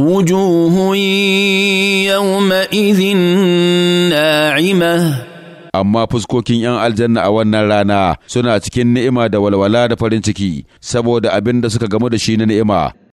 وجوه يومئذ ناعمه amma fuskokin 'yan aljanna a wannan rana suna cikin ni'ima da walwala da farin ciki saboda abin da suka gamu da shi na ni'ima